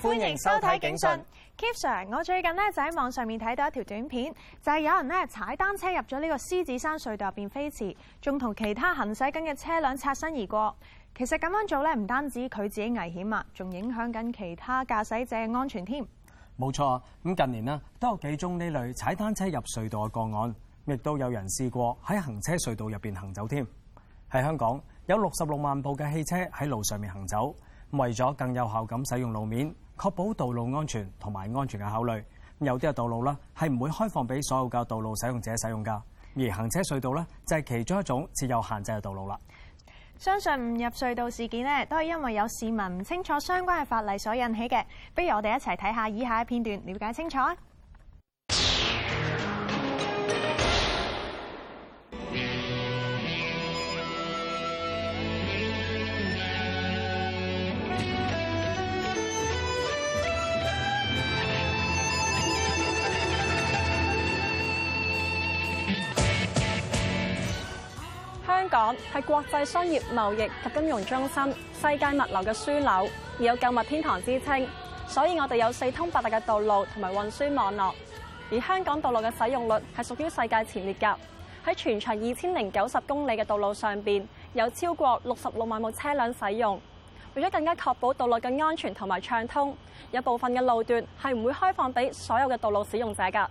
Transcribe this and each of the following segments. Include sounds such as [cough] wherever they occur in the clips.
歡迎收睇《警訊》，Keep Sir，我最近呢就喺網上面睇到一條短片，就係、是、有人呢踩單車入咗呢個獅子山隧道入邊飛馳，仲同其他行駛緊嘅車輛擦身而過。其實咁樣做咧，唔單止佢自己危險啊，仲影響緊其他駕駛者嘅安全添。冇錯，咁近年都有幾宗呢類踩單車入隧道嘅個案，亦都有人試過喺行車隧道入邊行走添。喺香港有六十六萬部嘅汽車喺路上面行走，為咗更有效咁使用路面，確保道路安全同埋安全嘅考慮，有啲嘅道路呢，係唔會開放俾所有嘅道路使用者使用噶。而行車隧道呢，就係其中一種設有限制嘅道路啦。相信誤入隧道事件呢，都係因為有市民唔清楚相關嘅法例所引起嘅。不如我哋一齊睇下以下嘅片段，了解清楚。香港係國際商業貿易及金融中心，世界物流嘅樞紐，而有購物天堂之稱。所以我哋有四通八達嘅道路同埋運輸網絡。而香港道路嘅使用率係屬於世界前列噶。喺全長二千零九十公里嘅道路上邊，有超過六十六萬部車輛使用。為咗更加確保道路嘅安全同埋暢通，有部分嘅路段係唔會開放俾所有嘅道路使用者噶。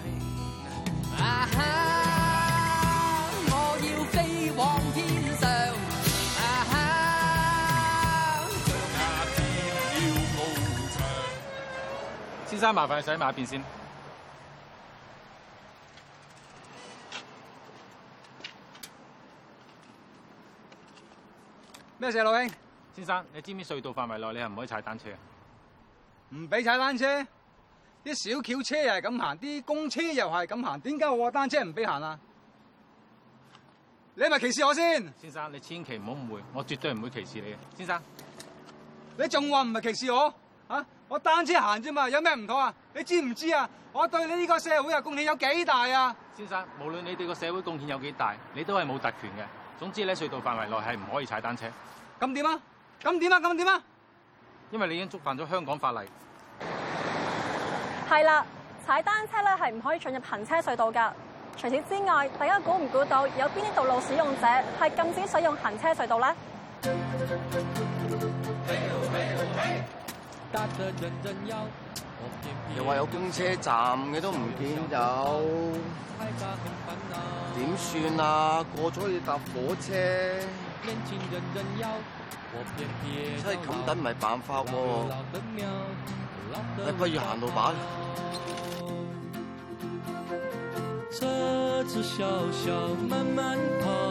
先生，麻煩你駛埋邊先。咩事，老兄？先生，你知唔知隧道範圍內你係唔可以踩單車？唔俾踩單車，啲小轎車又係咁行，啲公車又係咁行，點解我單車唔俾行啊？你係咪歧視我先？先生，你千祈唔好誤會，我絕對唔會歧視你。先生，你仲話唔係歧視我？我單車行啫嘛，有咩唔妥啊？你知唔知啊？我對你呢個社會嘅貢獻有幾大啊？先生，無論你對個社會貢獻有幾大，你都係冇特權嘅。總之你喺隧道範圍內係唔可以踩單車。咁點啊？咁點啊？咁點啊？因為你已經觸犯咗香港法例。係啦，踩單車咧係唔可以進入行車隧道噶。除此之外，大家估唔估到有邊啲道路使用者係禁止使用行車隧道咧？又話有公車站嘅都唔見有，點算啊？過咗要搭火車，真係咁等唔係辦法喎，係不如行路吧。車子小小，慢慢跑。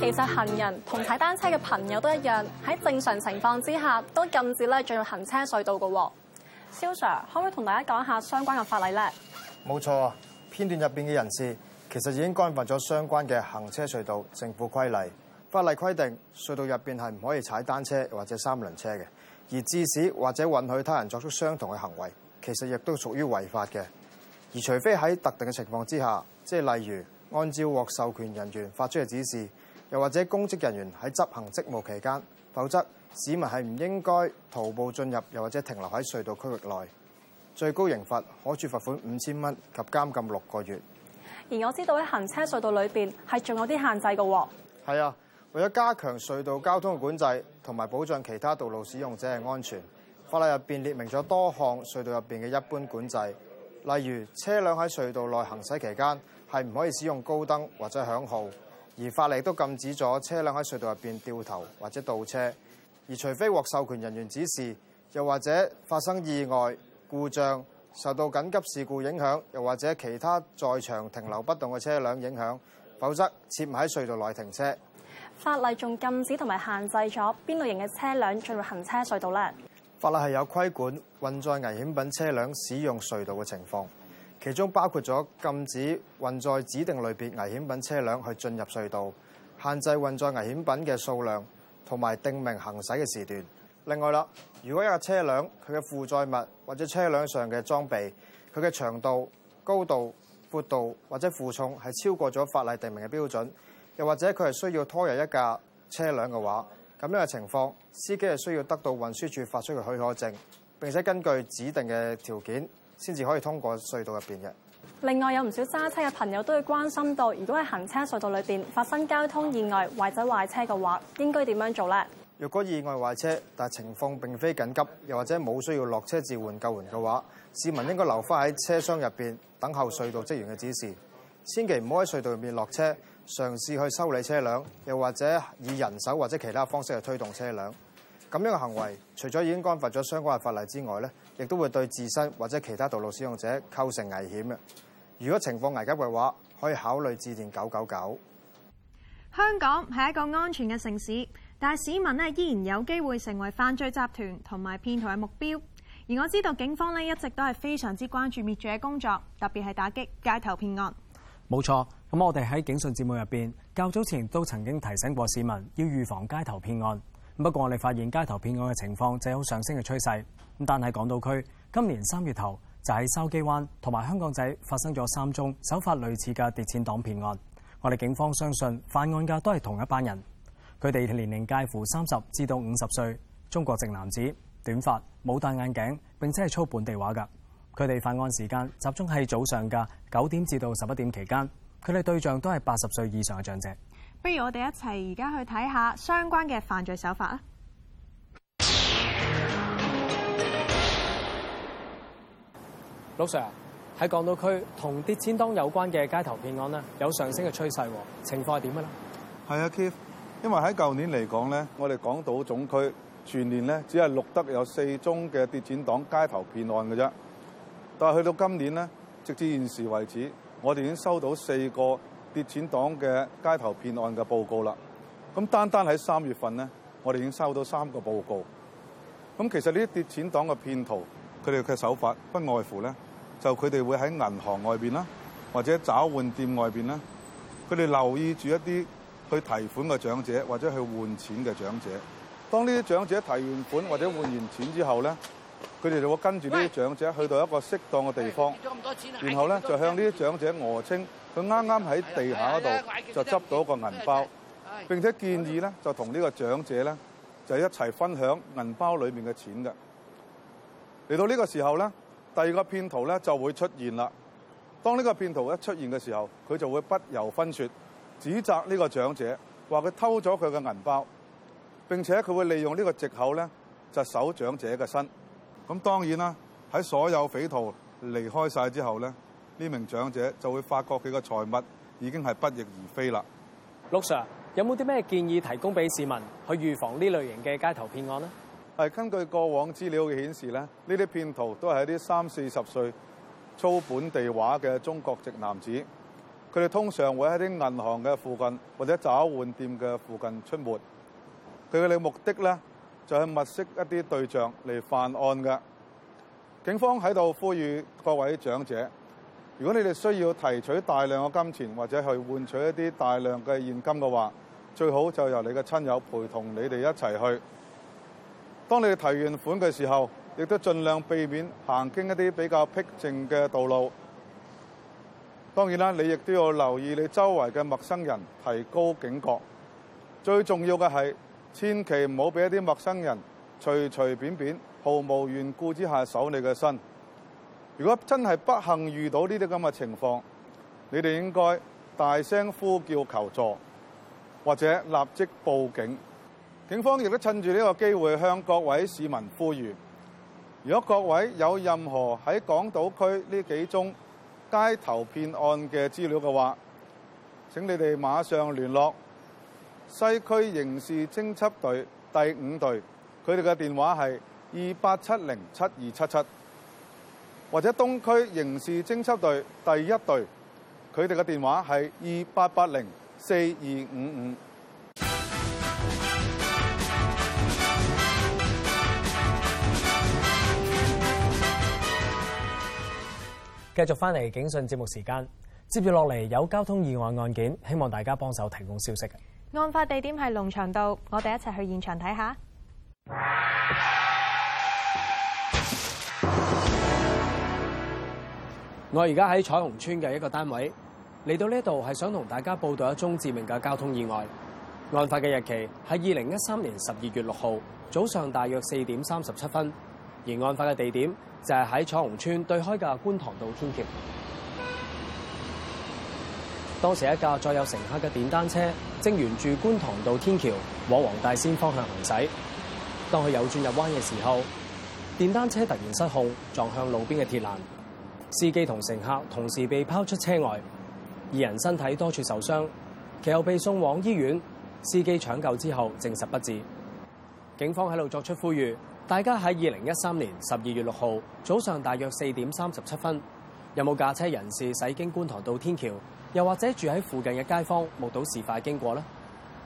其實行人同踩單車嘅朋友都一樣，喺正常情況之下都禁止咧進入行車隧道嘅。蕭 Sir 可唔可以同大家講一下相關嘅法例呢？冇錯，片段入邊嘅人士其實已經干犯咗相關嘅行車隧道政府規例。法例規定，隧道入邊係唔可以踩單車或者三輪車嘅，而致使或者允許他人作出相同嘅行為，其實亦都屬於違法嘅。而除非喺特定嘅情況之下，即係例如按照獲授權人員發出嘅指示。又或者公職人員喺執行職務期間，否則市民係唔應該徒步進入又或者停留喺隧道區域內。最高刑罰可處罰款五千蚊及監禁六個月。而我知道喺行車隧道裏面係仲有啲限制嘅喎。係啊，為咗加強隧道交通嘅管制同埋保障其他道路使用者嘅安全，法例入邊列明咗多項隧道入面嘅一般管制，例如車輛喺隧道內行駛期間係唔可以使用高燈或者響號。而法例都禁止咗車輛喺隧道入邊掉頭或者倒車，而除非獲授權人員指示，又或者發生意外故障、受到緊急事故影響，又或者其他在場停留不動嘅車輛影響，否則切唔喺隧道內停車。法例仲禁止同埋限制咗邊類型嘅車輛進入行車隧道咧？法例係有規管運載危險品車輛使用隧道嘅情況。其中包括咗禁止運載指定類別危險品車輛去進入隧道，限制運載危險品嘅數量，同埋訂明行駛嘅時段。另外啦，如果一架車輛佢嘅負載物或者車輛上嘅裝備，佢嘅長度、高度、闊度或者負重係超過咗法例訂明嘅標準，又或者佢係需要拖入一架車輛嘅話，咁樣嘅情況，司機係需要得到運輸署發出嘅許可證，並且根據指定嘅條件，先至可以通過隧道入邊嘅。另外有唔少揸車嘅朋友都會關心到，如果喺行車隧道裏邊發生交通意外或者壞車嘅話，應該點樣做咧？若果意外壞車，但係情況並非緊急，又或者冇需要落車召喚救援嘅話，市民應該留翻喺車廂入邊等候隧道職員嘅指示，千祈唔好喺隧道入面落車，嘗試去修理車輛，又或者以人手或者其他方式去推動車輛。咁樣嘅行為，除咗已經干犯咗相關嘅法例之外咧，亦都會對自身或者其他道路使用者構成危險嘅。如果情況危急嘅話，可以考慮致電九九九。香港係一個安全嘅城市，但係市民咧依然有機會成為犯罪集團同埋騙徒嘅目標。而我知道警方呢一直都係非常之關注滅罪嘅工作，特別係打擊街頭騙案。冇錯，咁我哋喺警訊節目入邊較早前都曾經提醒過市民要預防街頭騙案。不過我哋發現街頭騙案嘅情況就有上升嘅趨勢。但係港島區今年三月頭就喺筲箕灣同埋香港仔發生咗三宗手法類似嘅跌錢黨騙案。我哋警方相信犯案嘅都係同一班人，佢哋年齡介乎三十至到五十歲，中國籍男子，短髮，冇戴眼鏡，並且係操本地話噶。佢哋犯案時間集中喺早上嘅九點至到十一點期間，佢哋對象都係八十歲以上嘅長者。不如我哋一齊而家去睇下相關嘅犯罪手法啦。老 Sir 啊，喺港島區同跌錢黨有關嘅街頭騙案咧，有上升嘅趨勢，情況係點嘅咧？係啊，Keith，因為喺舊年嚟講咧，我哋港島總區全年咧只係錄得有四宗嘅跌錢黨街頭騙案嘅啫，但係去到今年咧，直至現時為止，我哋已經收到四個跌錢黨嘅街頭騙案嘅報告啦，咁單單喺三月份咧，我哋已經收到三個報告。咁其實呢啲跌錢黨嘅騙徒，佢哋嘅手法不外乎咧，就佢哋會喺銀行外邊啦，或者找換店外邊啦，佢哋留意住一啲去提款嘅長者或者去換錢嘅長者。當呢啲長者提完款或者換完錢之後咧，佢哋就會跟住呢啲長者去到一個適當嘅地方，然後咧就向呢啲長者訛稱。佢啱啱喺地下嗰度就執到一個銀包，並且建議咧就同呢個長者咧就一齊分享銀包裏面嘅錢嘅。嚟到呢個時候咧，第二個騙徒咧就會出現啦。當呢個騙徒一出現嘅時候，佢就會不由分說，指責呢個長者話佢偷咗佢嘅銀包，並且佢會利用呢個借口咧就守長者嘅身。咁當然啦，喺所有匪徒離開曬之後咧。呢名長者就會發覺佢個財物已經係不翼而飛啦。陸 Sir，有冇啲咩建議提供俾市民去預防呢類型嘅街頭騙案呢？係根據過往資料嘅顯示咧，呢啲騙徒都係一啲三四十歲操本地話嘅中國籍男子。佢哋通常會喺啲銀行嘅附近或者找換店嘅附近出沒。佢哋嘅目的咧就係物色一啲對象嚟犯案㗎。警方喺度呼籲各位長者。如果你哋需要提取大量嘅金錢或者去換取一啲大量嘅現金嘅話，最好就由你嘅親友陪同你哋一齊去。當你哋提完款嘅時候，亦都盡量避免行經一啲比較僻靜嘅道路。當然啦，你亦都要留意你周圍嘅陌生人，提高警覺。最重要嘅係，千祈唔好俾一啲陌生人隨隨便便、毫無緣故之下守你嘅身。如果真係不幸遇到呢啲咁嘅情況，你哋應該大聲呼叫求助，或者立即報警。警方亦都趁住呢個機會向各位市民呼籲，如果各位有任何喺港島區呢幾宗街頭騙案嘅資料嘅話，請你哋馬上聯絡西區刑事偵緝隊第五隊，佢哋嘅電話係二八七零七二七七。或者東區刑事偵緝隊第一隊，佢哋嘅電話係二八八零四二五五。繼續返嚟警訊節目時間，接住落嚟有交通意外案、案件，希望大家幫手提供消息。案發地點係農場道，我哋一齊去現場睇下。 [noise] 我而家喺彩虹村嘅一個單位，嚟到呢度係想同大家報道一宗致命嘅交通意外。案發嘅日期係二零一三年十二月六號早上大約四點三十七分，而案發嘅地點就係喺彩虹村對開嘅觀塘道天橋。當時一架載有乘客嘅電單車正沿住觀塘道天橋往黃大仙方向行駛，當佢右轉入彎嘅時候，電單車突然失控撞向路邊嘅鐵欄。司機同乘客同時被拋出車外，二人身體多處受傷，其後被送往醫院。司機搶救之後證實不治。警方喺度作出呼籲，大家喺二零一三年十二月六號早上大約四點三十七分，有冇駕車人士駛經觀塘道天橋，又或者住喺附近嘅街坊目睹事發經過呢？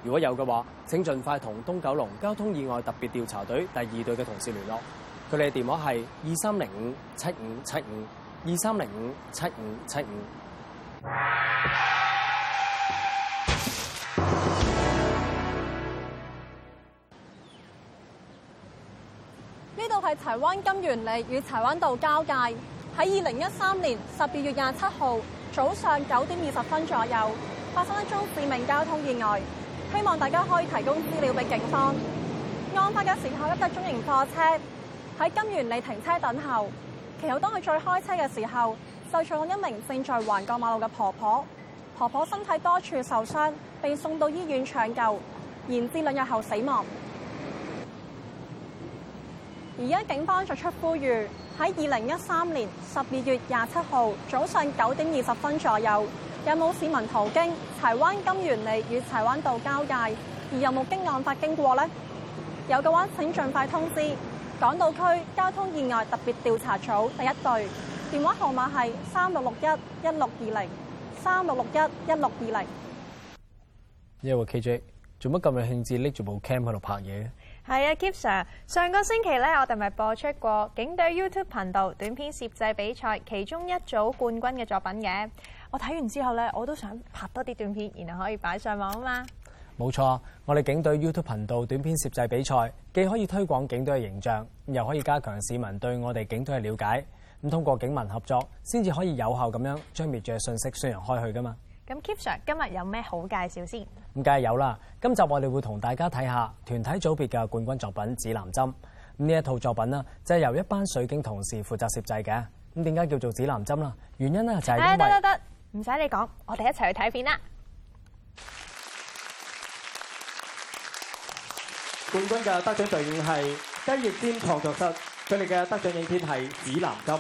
如果有嘅話，請盡快同東九龍交通意外特別調查隊第二隊嘅同事聯絡，佢哋嘅電話係二三零五七五七五。二三零五七五七五。呢度係柴灣金元里與柴灣道交界。喺二零一三年十二月廿七號早上九點二十分左右，發生一宗致命交通意外。希望大家可以提供資料俾警方。案發嘅時候，一架中型貨車喺金元里停車等候。其後當佢再開車嘅時候，就撞上一名正在橫過馬路嘅婆婆，婆婆身體多處受傷，被送到醫院搶救，延至兩日後死亡。而家警方作出呼籲：喺二零一三年十二月廿七號早上九點二十分左右，有冇市民途經柴灣金源里與柴灣道交界，而有冇經案發經過呢？有嘅話，請盡快通知。港島區交通意外特別調查組第一隊，電話號碼係三六六一一六二零三六六一一六二零。呢個 K J，做乜咁有興致拎住部 cam 喺度拍嘢？係啊，Kip Sir，上個星期咧，我哋咪播出過警隊 YouTube 頻道短片攝製比賽，其中一組冠軍嘅作品嘅。我睇完之後咧，我都想拍多啲短片，然後可以擺上網啦。冇錯，我哋警隊 YouTube 頻道短片攝製比賽，既可以推廣警隊嘅形象，又可以加強市民對我哋警隊嘅了解。咁通過警民合作，先至可以有效咁樣將滅罪嘅信息宣揚開去噶嘛。咁 Kip Sir 今日有咩好介紹先？咁梗係有啦。今集我哋會同大家睇下團體組別嘅冠軍作品《指南針》。咁呢一套作品就係由一班水警同事負責攝製嘅。咁點解叫做《指南針》啦？原因就係得得得，唔使你講，我哋一齊去睇片啦。冠軍嘅得獎隊伍係雞翼尖創作室，佢哋嘅得獎影片係《紫藍金》。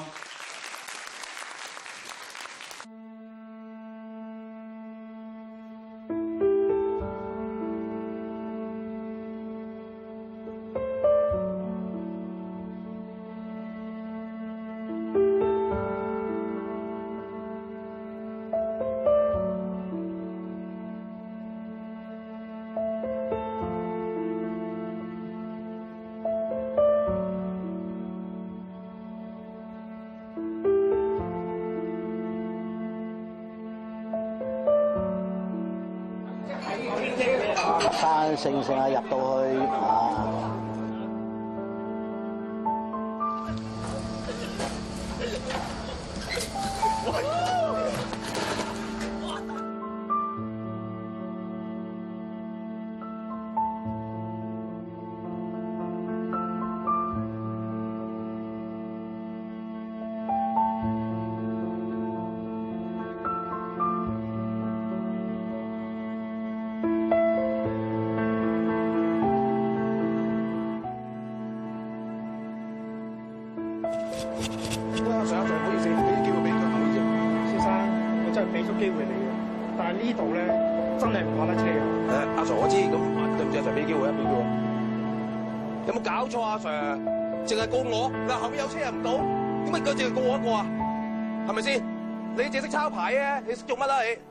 生性性啊，入到去啊！有冇搞錯啊，Sir？淨係告我，嗱，後面有車又唔到，點解淨係告我一個啊？係咪先？你只係識抄牌啊，你識做乜你。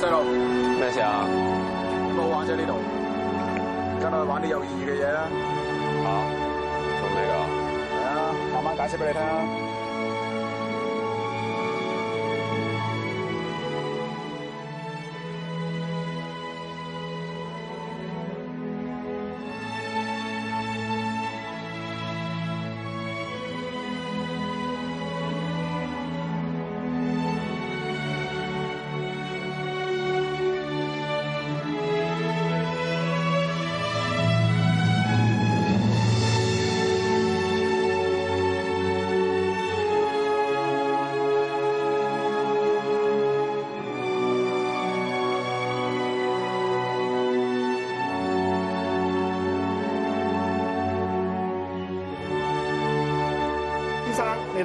細路，咩事啊？唔好玩啫呢度，跟我去玩啲有意義嘅嘢啦。吓、啊？做咩㗎？嚟啊，慢慢解釋俾你聽。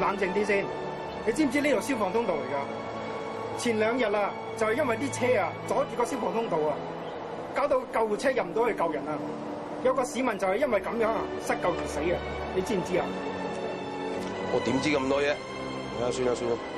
冷靜啲先，你知唔知呢度消防通道嚟㗎？前兩日啊，就係因為啲車啊阻住個消防通道啊，搞到救護車入唔到去救人啊！有個市民就係因為咁樣啊，失救而死啊！你知唔知啊？我點知咁多嘢？算啦算啦。算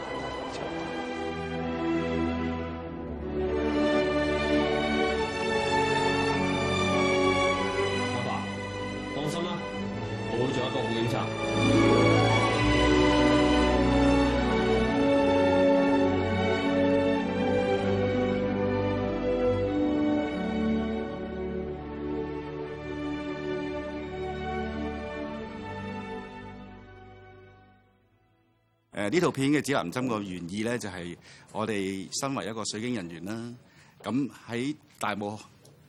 呢套片嘅指南針個原意咧，就係我哋身為一個水警人員啦。咁喺大霧、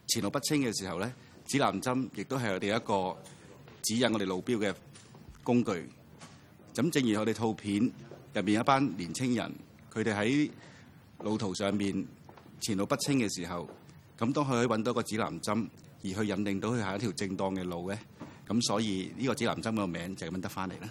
前路不清嘅時候咧，指南針亦都係我哋一個指引我哋路標嘅工具。咁正如我哋套片入面一班年輕人，佢哋喺路途上面前路不清嘅時候，咁當佢可以揾到一個指南針，而去引領到佢係一條正當嘅路咧，咁所以呢個指南針個名就咁樣得翻嚟啦。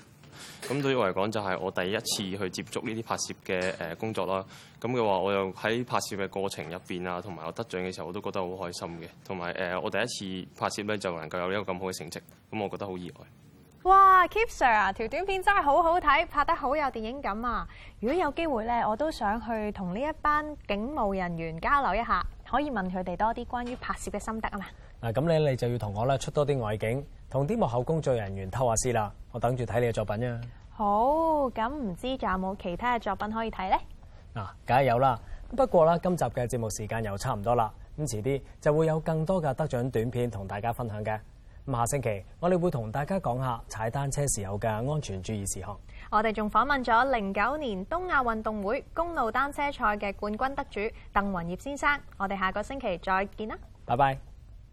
咁對於我嚟講，就係我第一次去接觸呢啲拍攝嘅誒工作啦。咁嘅話，我又喺拍攝嘅過程入邊啊，同埋我得獎嘅時候，我都覺得好開心嘅。同埋誒，我第一次拍攝咧，就能夠有一個咁好嘅成績，咁我覺得好意外哇。哇，Keep Sir，條短片真係好好睇，拍得好有電影感啊！如果有機會咧，我都想去同呢一班警務人員交流一下，可以問佢哋多啲關於拍攝嘅心得啊！嗱，咁你你就要同我出多啲外景，同啲幕後工作人員偷下師啦。我等住睇你嘅作品啊！好，咁、嗯、唔知仲有冇其他嘅作品可以睇呢？嗱、啊，梗係有啦。不過啦，今集嘅節目時間又差唔多啦。咁遲啲就會有更多嘅得獎短片同大家分享嘅。咁下星期我哋會同大家講下踩單車時候嘅安全注意事項。我哋仲訪問咗零九年東亞運動會公路單車賽嘅冠軍得主鄧雲業先生。我哋下個星期再見啦！拜拜。